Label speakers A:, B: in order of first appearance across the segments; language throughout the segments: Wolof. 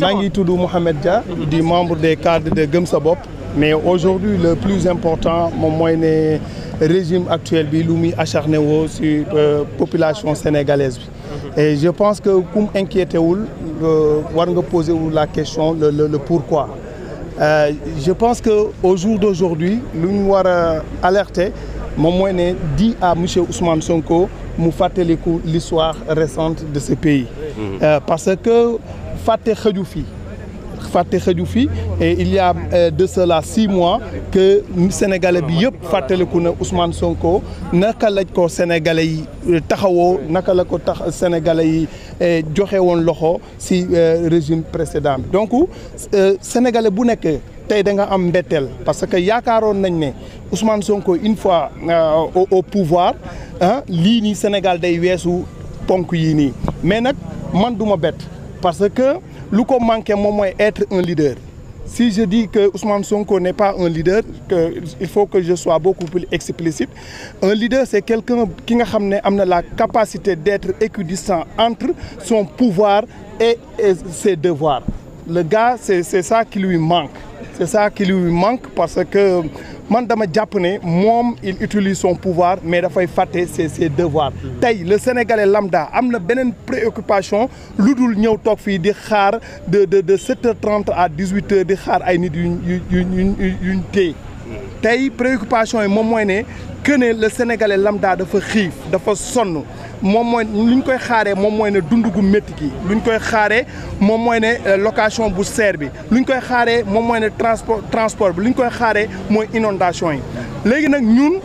A: maa ngi tudd Mouhamed Dia di membre des cadres de Gëm sa bopp mais aujourd'hui le plus important moom mooy ne régime actuel bi lu muy acharné woo sur euh, population sénégalaise bi mhm. et je pense que ku mu inquiété wul euh, war nga poser wu la question le le pourquoi Euh, je pense que au jour d'aujourd'hui lu ñu war a alerter moom mooy ne di à monsieur Ousmane Sonko mu fàttaliku l'histoire récente de ce pays mhm. euh, parce que fàtte xëju fii fàtte xëju fi et il y a euh, de cela six mois que sénégalais bi yëpp fàttaliku na Ousmane Sonko naka lañ ko sénégalais yi euh, taxawoo naka la ko tax sénégalais yi euh, joxe woon loxo si régime précédent bi donc sénégalais bu nekk tey da nga am mbetteel parce que yaakaaroon nañ ne Ousmane Sonko une fois au pouvoir ah lii nii Sénégal day weesu ponk yii nii mais nag man du ma parce que lu ko manqué moom mooy être un leader si je dis que Ousmane Sonko n'est pas un leader que il faut que je sois beaucoup plus explicite un leader c'est quelqu'un ki nga xam ne am na la capacité d'être équidistant entre son pouvoir et ses devoirs le gars c'est c'est ça qui lui manque c'est ça qui lui manque parce que man dama jàpp ne moom il utilise son pouvoir mais dafay fàtte ses ses devoirs mm-hmm. tey le sénégalais lambda am na beneen préoccupation lu dul ñëw toog fii di xaar de de de sept heures trente à dix huit heures di xaar ay nit yuñ yuñ yuñ téye mm-hmm. tey préoccupation yi moom mooy ne que ne le sénégalais lambda dafa xiif dafa sonn moom mooy lu ñu koy xaare moom mooy ne dund gu métti lu ñu koy xaaree moom mooy ne euh, location bu seer bi lu ñu koy xaaree moom mooy ne transport transport bi lu ñu koy xaaree mooy inondation yi léegi nag ñun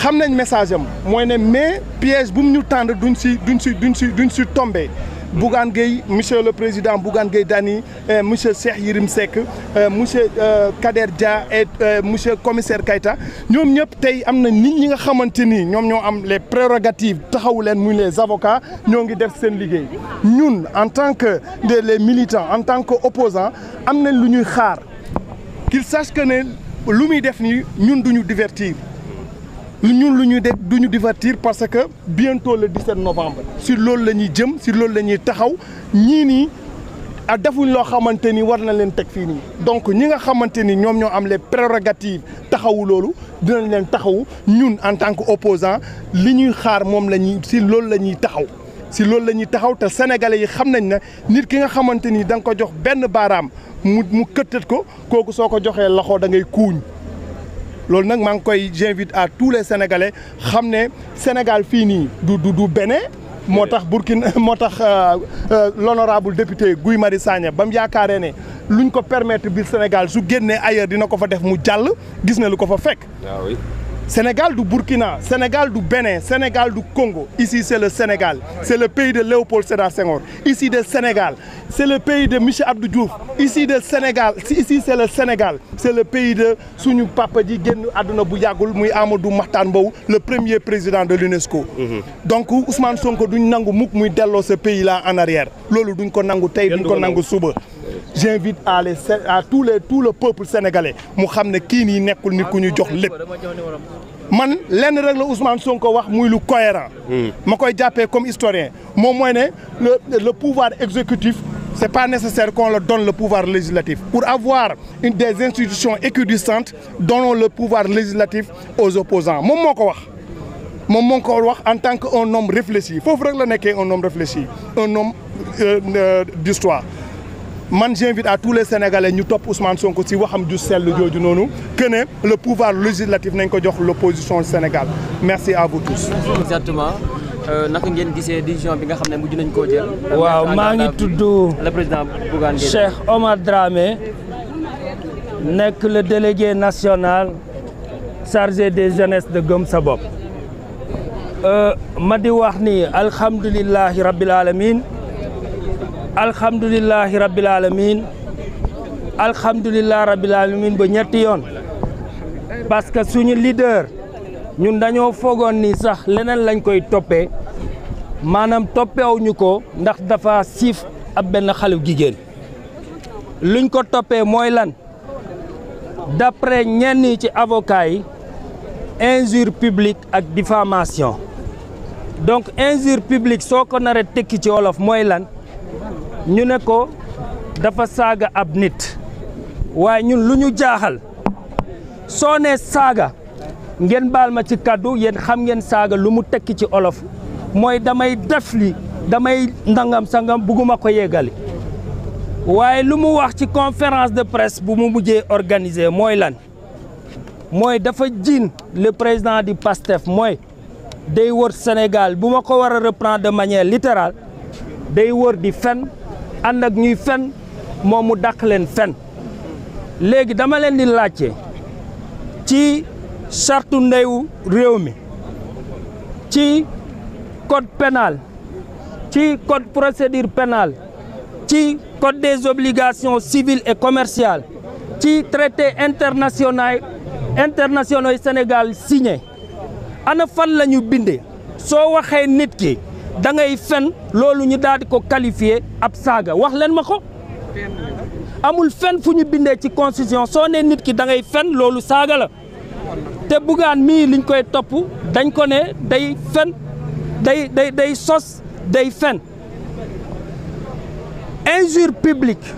A: xam nañ message am mooy ne mais piège bu mu ñu tànd duñ si duñ si duñ si duñ si tombe Bougane Gueye monsieur le président Bougane Gueye Dany euh, monsieur Cheikh Yirim Seck euh, monsieur euh, Kader Dia et monsieur commissaire Kayta ñoom ñëpp tey am na nit ñi nga xamante ni ñoom ñoo am les prérogatives taxawu leen muy les avocats ñoo ngi def seen liggéey ñun en tant que des les militants en tant que opposants am na lu ñuy xaar qu'il sache que lu muy def nii ñun ñu divertir lu ñun lu ñu def du ñu divertir parce que bientôt le 17 novembre si loolu la ñuy jëm si loolu la ñuy taxaw ñii nii a ah, defuñ loo xamante ni war na leen teg fii nii donc ñi nga xamante ni ñoom ñoo am les prérogatives taxawu loolu dinañ leen taxawu ñun en tant que opposant li ñuy xaar moom la ñuy si loolu la ñuy taxaw si loolu la ñuy taxaw te sénégalais yi xam nañ na nit ki nga xamante ni da nga ko jox benn baaraam mu mu këttat ko kooku soo ko joxee loxo da ngay kuuñ loolu nag maa ngi koy j'invite à tous les sénégalais xam ne Sénégal fii nii du du du Bénin moo tax Burkina moo tax euh, euh, l'honorable député Guy Marius Sagna ba mu yaakaaree ne luñ ko permettre biir Sénégal su génnee ailleurs dina ko fa def mu jàll gis na lu ko fa fekk. Ah Sénégal du Burkina, Sénégal du Bénin, Sénégal du Congo. Ici, c'est le Sénégal. C'est le pays de Léopold Sédar Senghor. Ici, le Sénégal. C'est le pays de Michel Abdou Diouf. Ici, le Sénégal. Ici, c'est le Sénégal. C'est le pays de Sounou Papa Di Aduna Bouyagoul, Mouy Amadou Mahtan Bou, le premier président de l'UNESCO. Mhm. Donc, Ousmane Sonko, nous n'avons pas ce pays-là en arrière. Lolo, nous n'avons pas Nangu tey nous n'avons pas suba j'invite à les à tous les tout le peuple sénégalais mu xam ne kii nii nekkul nit ku ñu jox lépp man lenn rek la Ousmane ko wax muy lu cohérent hmm. ma koy jàppee comme historien moo mooy ne le le pouvoir exécutif c'est pas nécessaire qu'on leur donne le pouvoir législatif pour avoir une des institutions équidistantes donnons le pouvoir législatif aux opposants moom moo ko wax moom moo ko wax en tant que un nombre réfléchi foofu rek la nekkee un homme réfléchi un homme euh, euh, d'histoire man j'invite à tous les sénégalais ñu topp Ousmane Sonko ci waxam ju sell jooju noonu que ne le pouvoir législatif nañ ko jox l'opposition du Sénégal merci à vous tous.
B: exactement euh, naka ngeen gisee décision bi nga xam ne mujj nañ koo jël. waaw euh, maa ngi tudd le président Bougane Cheikh Omar Dramé nekk le délégué national chargé des jeunesses de Gëm sa bopp. Euh, ma di wax ni alhamdulilahi rabbil alamin alhamdulilahi rabbil alamin alhamdulilah rabbil alamin ba ñetti yoon parce que suñu leader ñun dañoo foogoon ni sax leneen lañ koy toppee maanaam toppewuñu ko ndax dafa siif ab benn xale jigéen luñ ko toppee mooy lan d'après ñenn ci avokaay yi injure publique ak diffamation donc injure publique soo ko naree tekki ci wolof mooy lan ñu ne ko dafa saaga ab nit waaye ñun lu ñu jaaxal soo nee saaga ngeen baal ma ci kàddu yéen xam ngeen saaga lu mu tekki ci olof mooy damay daf li damay ndangam sangam bugguma ko yeggali waaye lu mu wax ci conférence de presse bu mu mujjee organiser mooy lan mooy dafa jiin le président di PASTEF mooy day wër Sénégal bu ma ko war a reprendre de manière littérale day wër di fen ànd ak ñuy fen moomu mu leen fen léegi dama leen di laajte ci sartu ndeyu réew mi ci code pénal ci code procédure pénale ci code des obligations civiles et commerciales ci traité international internationaux Sénégal signé ana fan la ñu bindee soo waxee nit ki da ngay fen loolu ñu daal di ko qualifier ab saaga wax leen ma ko amul fen fu ñu bindee ci constitution soo ne nit ki dangay ngay fen loolu saaga la te bugaan mii liñ koy topp dañ ko ne day fen day day day sos day fen injure publique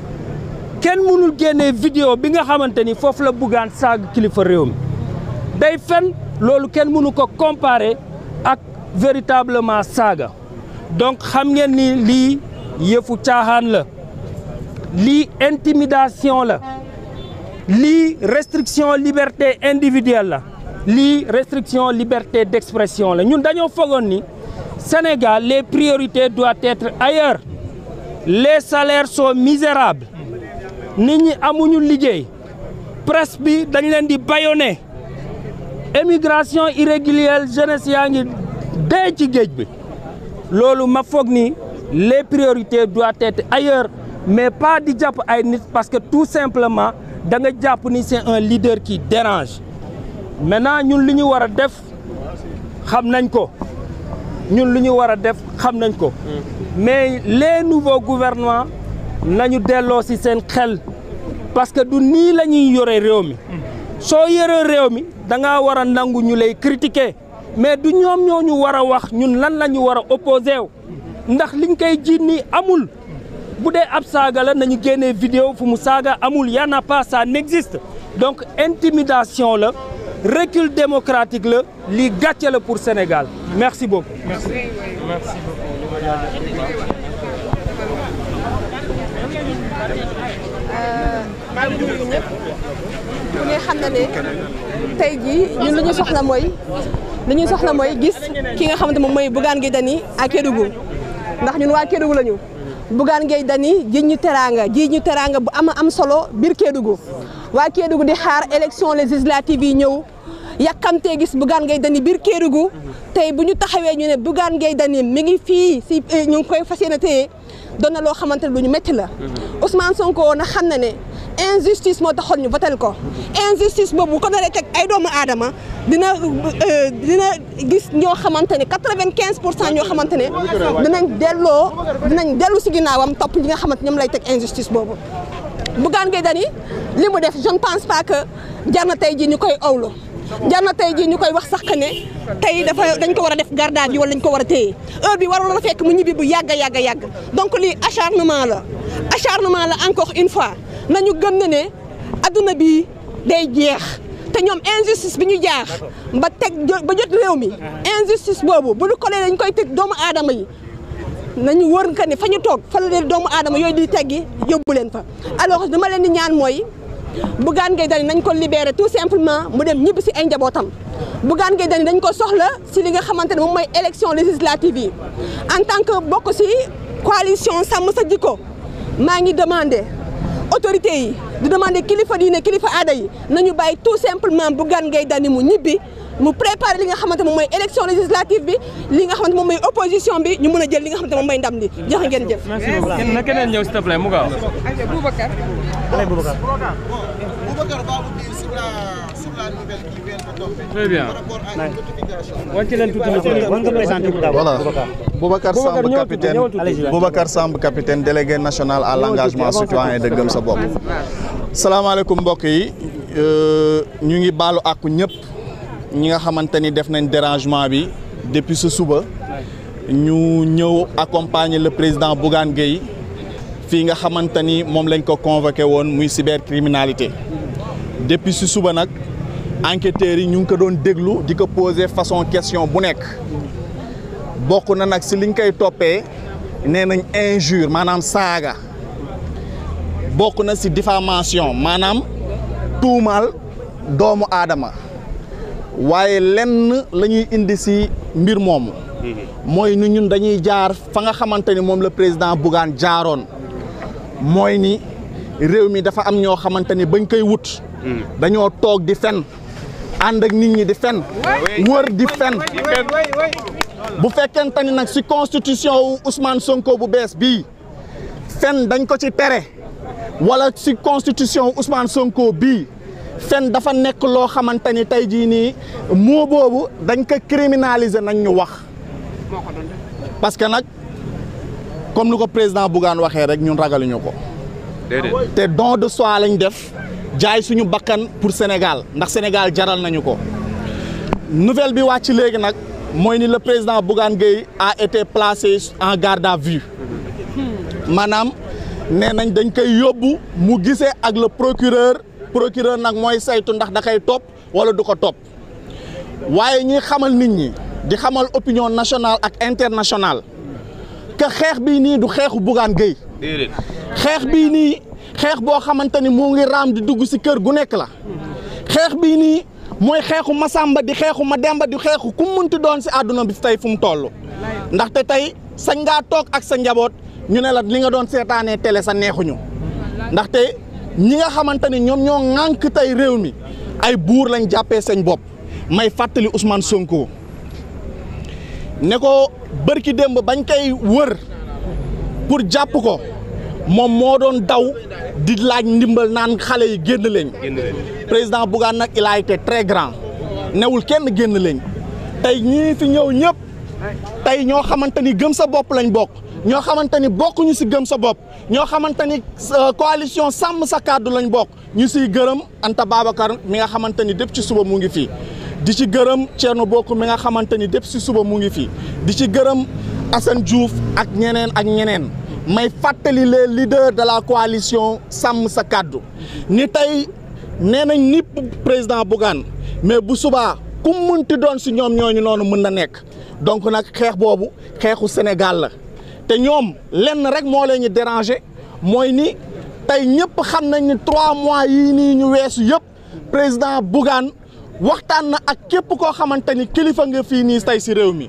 B: kenn mënul génnee vidéo bi nga xamante ni foofu la bugaan saaga kilifa réew mi day fen loolu kenn mënu ko comparer ak véritablement saaga donc xam ngeen ni lii yëfu caaxaan la lii intimidation la lii restriction liberté individuelle la lii restriction liberté d'expression la ñun dañoo foogoon ni Sénégal les priorités doivent être ailleurs les salaires sont misérables nit ñi amuñu liggéey presse bi dañ leen di bâillonner émigration irrégulière jeunesse yaa ngi dee ci géej bi loolu ma foog ni les priorités doivent être ailleurs mais pas di jàpp ay nit parce que tout simplement da nga jàpp ni c'est un ki qui dérange maintenant ñun li ñu war a def xam nañ ko ñun li ñu war a def xam nañ ko mais les nouveaux gouvernements nañu delloo ci seen xel parce que du nii la ñuy yore réew mi soo yore réew mi da ngaa war a nangu ñu lay critiquer mais du ñoom ñoo ñu war a wax ñun lan lañu war a opposé ndax liñ koy jiit nii amul bu dee ab saaga la nañu génnee vidéo fu mu saaga amul y en a pas donc intimidation la recul démocratique la lii gàcce la pour senegal merci beaucoup. merci merci
C: beaucoup. Euh, ku ne xam na ne tey jii ñun lu ñu soxla mooy. dañuy soxla mooy gis ki nga xamante moom mooy Bougane Gueye Dany ak Kédougou ndax ñun waa Kédougou la ñu Bougane Gueye Dany ji ñu teraanga ji ñu teraanga bu am am solo biir Kédougou waa Kédougou di xaar élection législative yi ñëw yàkkamtee gis Bougane Gueye Dany biir Kédougou tey bu ñu taxawee ñu ne Bougane Gueye Dany mi ngi fii si eh, ñu ngi koy fas yéene téye doon na loo xamante ne lu ñu métti la mm-hmm. Ousmane Sonko na xam na ne injustice moo taxoon ñu votel ko mm-hmm. injustice boobu bu teg ay doomu aadama dina euh, dina gis ñoo xamante ne quatre-vingt-quinze pour cent ñoo xamante ne dinañ delloo dinañ dellu si ginnaawam topp ñi nga xamante ñoom lay teg injustice boobu. Bougane Gueye Dany li mu def je ne pense pas que jar tey jii ñu koy owlo jar na tey jii ñu koy wax sax ne tey dafa dañ ko war a def garde à vue wala dañ ko war a téye heure bi waroon na fekk mu ñibbi bu yàgg a yàgg donc lii acharnement la acharnement la encore une fois nañu gëm na ne adduna bi day jeex. te ñoom injustice bi ñu jaax ba teg ba jot réew mi injustice boobu bu ñu ko nee dañ koy teg doomu aadama yi nañu wër ka ni fa ñu toog fa leen doomu aadama yooyu di teggi yóbbu leen fa alors dama leen di ñaan mooy Bougane gee Dany nañ ko libéré tout simplement mu dem ñibbi si ay njabootam Bougane Gueye Dany dañ ko soxla si li nga xamante ne moom mooy élection législative yi en tant que bokk si coalition sàmm sa jikko maa ngi demandé autorité yi di demander kilifa diine kilifa aada yi nañu bàyyi tout bu gan Gueye Dany mu ñibbi mu préparer li nga xamante moom mooy élection législative bi li nga xamante moom mooy opposition bi ñu mën a jël li nga xamante moom mooy ndam li jox ngeen jëf. merci beaucoup
B: na keneen ñëw s'il te mu gaaw. Boubacar. leen tuuti micro war nga présenter voilà Boubacar Samb capitaine Boubacar
D: Samb capitaine délégué national à l'engagement citoyen de Gëm sa bopp. salaamaaleykum mbokk yi euh, ñu ngi baalu àkku ñëpp. ñi nga xamante ni def nañ dérangement bi depuis su suba ñu ñëw accompagner le président Bougane Gueye fii nga xamante ni moom lañ ko convoqué woon muy cybercriminalité depuis ce suba nag enquêteurs yi ñu ngi ko doon déglu di ko poser façon question bu nekk bokk na nag si liñ koy toppee nee nañ injure maanaam saaga bokk na si diffamation maanaam tuumaal doomu aadama waaye lenn la ñuy indi si mbir moomu
A: mm-hmm.
D: mooy nu ñun dañuy jaar fa nga xamante ni moom la président Bougane jaaroon mooy ni réew mi dafa am ñoo xamante ni bañ koy wut mm-hmm. dañoo toog di fen ànd ak nit ñi di fen wër di fen bu fekkente ni nag si constitution wu Ousmane Sonko bu bees bii fen dañ ko ci tere wala si constitution wu Ousmane Sonko bii fen dafa nekk loo xamante ni tey jii nii moo boobu dañ ko criminaliser nañ ñu wax parce que nag comme ni ko président Bougane waxee rek ñun ragaluñu ko te don de soi lañ def jaay suñu bakkan pour Sénégal ndax Sénégal jaral nañu ko nouvelle bi wàcc léegi nag mooy ni le président Bougane Gueye a été placé en garde à vue mhm. maanaam nee nañ dañ koy yóbbu mu gisee ak le procureur procureur nag mooy saytu ndax da koy topp wala du ko topp waaye ñuy xamal nit ñi di xamal opinion nationale ak internationale que xeex bii nii du xeexu Bougane Gueye xeex bii nii xeex boo xamante ni mu ngi raam di dugg si kër gu nekk la xeex bii nii mooy xeexu ma Masamba di xeexu Mademba di xeexu ku munti doon si àdduna bi tey fu mu toll ndaxte tey sañ ngaa toog ak sa njaboot ñu ne la li nga doon seetaanee tele sa neexuñu ndaxte ñi nga xamante ni ñoom ñoo ŋànk tey réew mi ay buur lañ jàppee seen bopp may fàttali Ousmane Sonko ne ko bërki démb bañ koy wër pour jàpp ko moom moo doon daw di laaj ndimbal naan xale yi génn leen président Bougane nag il a grand newul kenn génn leen tey ñii fi ñëw ñëpp tey ñoo xamante ni gëm sa bopp lañ bokk ñoo xamante ni bokkuñu si gëm sa bopp ñoo xamante ni euh, coalition sàmm sa kàddu lañ bokk ñu siy gërëm Anta Babacar mi nga xamante ni dépp ci suba mu ngi fii di ci gërëm Thierno bokk mi nga xamante ni dépp ci suba mu ngi fi di ci gërëm Assane Diouf ak ñeneen ak ñeneen may fàttali les leaders de la coalition sàmm sa kàddu ni tey nee nañ ni président Bougane mais bu subaa ku munti doon si ñoom ñooñu noonu mën na nekk donc nag xeex boobu xeexu Sénégal la te ñoom lenn rek moo leen ñu déranger mooy ni tey ñëpp xam nañ ni trois mois yii nii ñu weesu yëpp président Bougane waxtaan na ak képp koo xamante ni kilifa nga fii nii tey si réew mi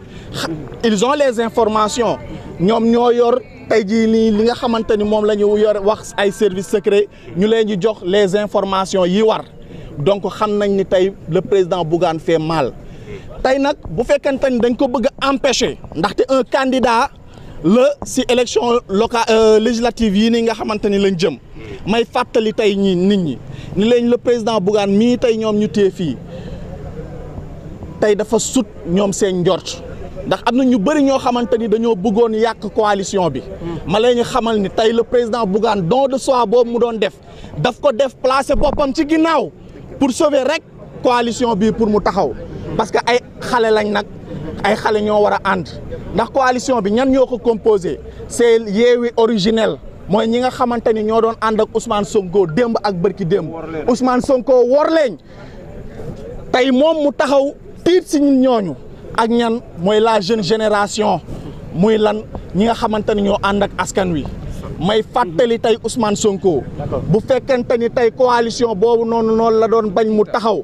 D: ils ont les informations ñoom ñoo yor tey jii nii li nga xamante ni moom la ñu yor wax ay services secrets ñu leen di jox les informations yi war donc xam nañ ni tey le président Bougane fait mal tey nag bu fekkente ni dañ ko bëgg a empêcher ndaxte un candidat la si élection locale euh, législative yii ni nga xamante ni lañ jëm may fàttali tey ñi nit ñi ni leen le président Bougane mii tey ñoom ñu téye fii tey dafa sut ñoom seen njor ndax am na ñu bëri ñoo xamante ni dañoo bëggoon yàq coalition bi hmm. ma leen xamal ni tey le président Bougane don de soi boobu mu doon def daf ko def placer boppam ci ginnaaw pour sauver rek coalition bi pour mu taxaw parce que ay xale lañ nag ay xale ñoo war a ànd ndax coalition bi ñan ñoo ko composé c'est Yewwi originel mooy ñi nga xamante ni ñoo doon ànd ak Ousmane Sonko démb ak bërki démb Ousmane Sonko wor leen tey moom mu taxaw tiit si ñooñu ak ñan mooy la jeune génération muy lan ñi nga xamante ni ñoo ànd ak askan wi may fàttali tey Ousmane Sonko bu fekkente ni tey coalition boobu noonu noonu la doon bañ mu taxaw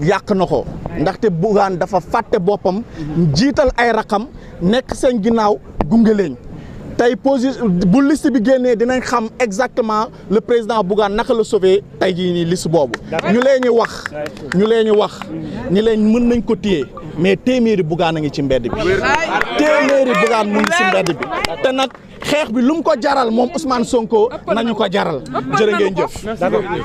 D: yàq na ko ndaxte Bougane dafa fàtte boppam jiital ay raqam nekk seen ginnaaw gunge leen tey position bu liste bi génnee dinañ xam exactement le président Bougane naka la sauvé tey jii nii liste boobu ñu leen ñu wax ñu leen ñu wax ñu leen mën nañ ko téye mais téeméeri Bougane a ngi ci mbedd bi téeméeri Bougane mu ngi ci mbedd bi te nag xeex bi lu mu ko jaral moom Ousmane Sonko nañu ko jaral jërë ngeen jëf